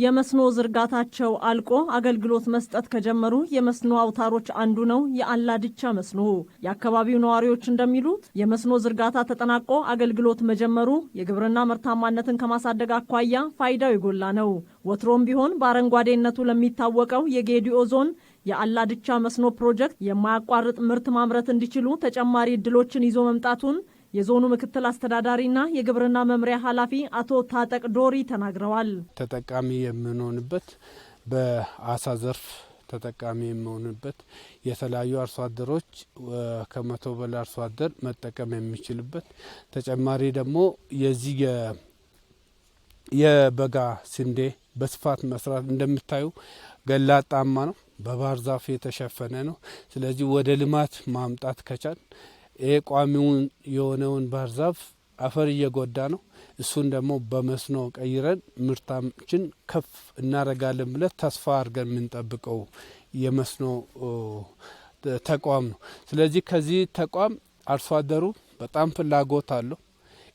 የመስኖ ዝርጋታቸው አልቆ አገልግሎት መስጠት ከጀመሩ የመስኖ አውታሮች አንዱ ነው የአላድቻ መስኖ። የአካባቢው ነዋሪዎች እንደሚሉት የመስኖ ዝርጋታ ተጠናቆ አገልግሎት መጀመሩ የግብርና ምርታማነትን ከማሳደግ አኳያ ፋይዳው የጎላ ነው። ወትሮም ቢሆን በአረንጓዴነቱ ለሚታወቀው የጌዲኦ ዞን የአላድቻ መስኖ ፕሮጀክት የማያቋርጥ ምርት ማምረት እንዲችሉ ተጨማሪ እድሎችን ይዞ መምጣቱን የዞኑ ምክትል አስተዳዳሪና የግብርና መምሪያ ኃላፊ አቶ ታጠቅ ዶሪ ተናግረዋል። ተጠቃሚ የምንሆንበት በአሳ ዘርፍ ተጠቃሚ የሚሆንበት የተለያዩ አርሶ አደሮች ከመቶ በላይ አርሶ አደር መጠቀም የሚችልበት ተጨማሪ ደግሞ የዚህ የበጋ ስንዴ በስፋት መስራት እንደምታዩ ገላጣማ ነው፣ በባህር ዛፍ የተሸፈነ ነው። ስለዚህ ወደ ልማት ማምጣት ከቻል ይሄ ቋሚውን የሆነውን ባህር ዛፍ አፈር እየጎዳ ነው። እሱን ደግሞ በመስኖ ቀይረን ምርታችን ከፍ እናደርጋለን ብለን ተስፋ አድርገን የምንጠብቀው የመስኖ ተቋም ነው። ስለዚህ ከዚህ ተቋም አርሶ አደሩ በጣም ፍላጎት አለው።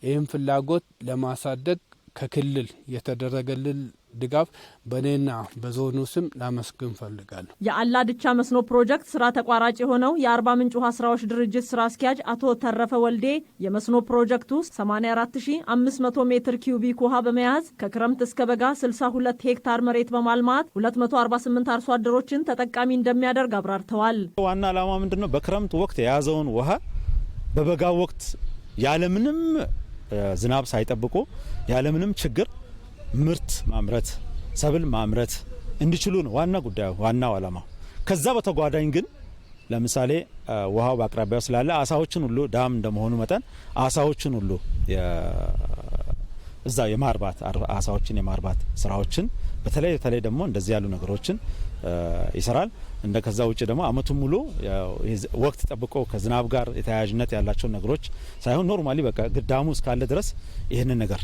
ይህም ፍላጎት ለማሳደግ ከክልል የተደረገልን ድጋፍ በእኔና በዞኑ ስም ላመስግን ፈልጋለሁ። የአላድቻ መስኖ ፕሮጀክት ስራ ተቋራጭ የሆነው የአርባ ምንጭ ውሃ ስራዎች ድርጅት ስራ አስኪያጅ አቶ ተረፈ ወልዴ የመስኖ ፕሮጀክቱ 84500 ሜትር ኪዩቢክ ውሃ በመያዝ ከክረምት እስከ በጋ 62 ሄክታር መሬት በማልማት 248 አርሶ አደሮችን ተጠቃሚ እንደሚያደርግ አብራርተዋል። ዋና ዓላማ ምንድን ነው? በክረምት ወቅት የያዘውን ውሃ በበጋ ወቅት ያለምንም ዝናብ ሳይጠብቁ ያለምንም ችግር ምርት ማምረት ሰብል ማምረት እንዲችሉ ነው ዋና ጉዳዩ ዋናው አላማው ከዛ በተጓዳኝ ግን ለምሳሌ ውሃው በአቅራቢያው ስላለ አሳዎችን ሁሉ ዳም እንደመሆኑ መጠን አሳዎችን ሁሉ እዛ የማርባት አሳዎችን የማርባት ስራዎችን በተለይ በተለይ ደግሞ እንደዚህ ያሉ ነገሮችን ይሰራል። እንደ ከዛ ውጭ ደግሞ አመቱን ሙሉ ወቅት ጠብቆ ከዝናብ ጋር የተያያዥነት ያላቸውን ነገሮች ሳይሆን ኖርማሊ በቃ ግዳሙ እስካለ ድረስ ይህንን ነገር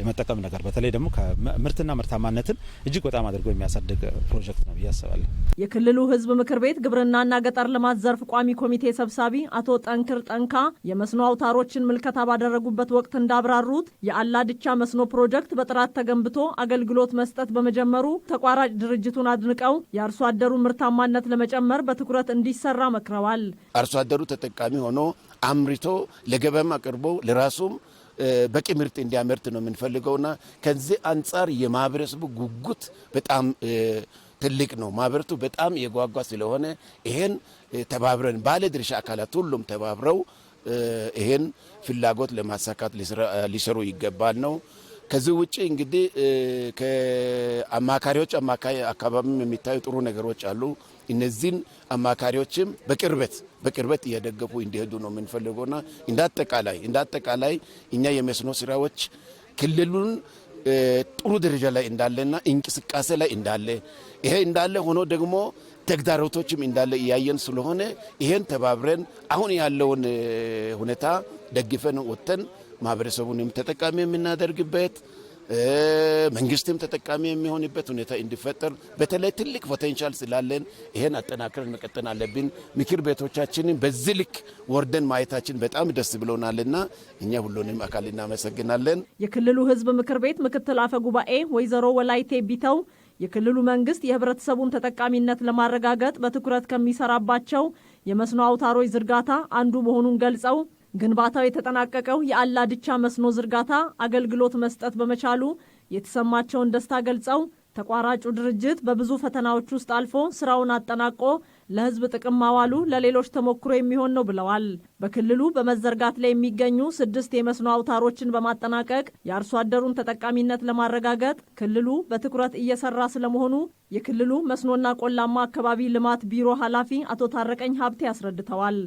የመጠቀም ነገር በተለይ ደግሞ ከምርትና ምርታማነትን እጅግ በጣም አድርጎ የሚያሳድግ ፕሮጀክት ነው ብዬ አስባለሁ። የክልሉ ሕዝብ ምክር ቤት ግብርናና ገጠር ልማት ዘርፍ ቋሚ ኮሚቴ ሰብሳቢ አቶ ጠንክር ጠንካ የመስኖ አውታሮችን ምልከታ ባደረጉበት ወቅት እንዳብራሩት የአላድቻ መስኖ ፕሮጀክት በጥራት ተገንብቶ አገልግሎት መስጠት በመጀመሩ ተቋራጭ ድርጅቱን አድንቀው የአርሶ አደሩ ምርታማነት ለመጨመር በትኩረት እንዲሰራ መክረዋል። አርሶ አደሩ ተጠቃሚ ሆኖ አምርቶ ለገበያም አቅርቦ ለራሱም በቂ ምርት እንዲያመርት ነው የምንፈልገውና ከዚህ አንጻር የማህበረሰቡ ጉጉት በጣም ትልቅ ነው። ማህበረቱ በጣም የጓጓ ስለሆነ ይሄን ተባብረን ባለ ድርሻ አካላት ሁሉም ተባብረው ይሄን ፍላጎት ለማሳካት ሊሰሩ ይገባል ነው ከዚህ ውጭ እንግዲህ ከአማካሪዎች አካባቢም የሚታዩ ጥሩ ነገሮች አሉ። እነዚህን አማካሪዎችም በቅርበት በቅርበት እየደገፉ እንዲሄዱ ነው የምንፈልገውና እንዳጠቃላይ እንዳጠቃላይ እኛ የመስኖ ስራዎች ክልሉን ጥሩ ደረጃ ላይ እንዳለና እንቅስቃሴ ላይ እንዳለ ይሄ እንዳለ ሆኖ ደግሞ ተግዳሮቶችም እንዳለ እያየን ስለሆነ ይሄን ተባብረን አሁን ያለውን ሁኔታ ደግፈን ወጥተን ማህበረሰቡንም ተጠቃሚ የምናደርግበት መንግስትም ተጠቃሚ የሚሆንበት ሁኔታ እንዲፈጠር በተለይ ትልቅ ፖቴንሻል ስላለን ይሄን አጠናክረን መቀጠል አለብን። ምክር ቤቶቻችንን በዚህ ልክ ወርደን ማየታችን በጣም ደስ ብሎናልና እኛ ሁሉንም አካል እናመሰግናለን። የክልሉ ህዝብ ምክር ቤት ምክትል አፈ ጉባኤ ወይዘሮ ወላይቴ ቢተው የክልሉ መንግስት የህብረተሰቡን ተጠቃሚነት ለማረጋገጥ በትኩረት ከሚሰራባቸው የመስኖ አውታሮች ዝርጋታ አንዱ መሆኑን ገልጸው ግንባታው የተጠናቀቀው የአላድቻ መስኖ ዝርጋታ አገልግሎት መስጠት በመቻሉ የተሰማቸውን ደስታ ገልጸው ተቋራጩ ድርጅት በብዙ ፈተናዎች ውስጥ አልፎ ስራውን አጠናቆ ለሕዝብ ጥቅም ማዋሉ ለሌሎች ተሞክሮ የሚሆን ነው ብለዋል። በክልሉ በመዘርጋት ላይ የሚገኙ ስድስት የመስኖ አውታሮችን በማጠናቀቅ የአርሶ አደሩን ተጠቃሚነት ለማረጋገጥ ክልሉ በትኩረት እየሰራ ስለመሆኑ የክልሉ መስኖና ቆላማ አካባቢ ልማት ቢሮ ኃላፊ አቶ ታረቀኝ ሀብቴ አስረድተዋል።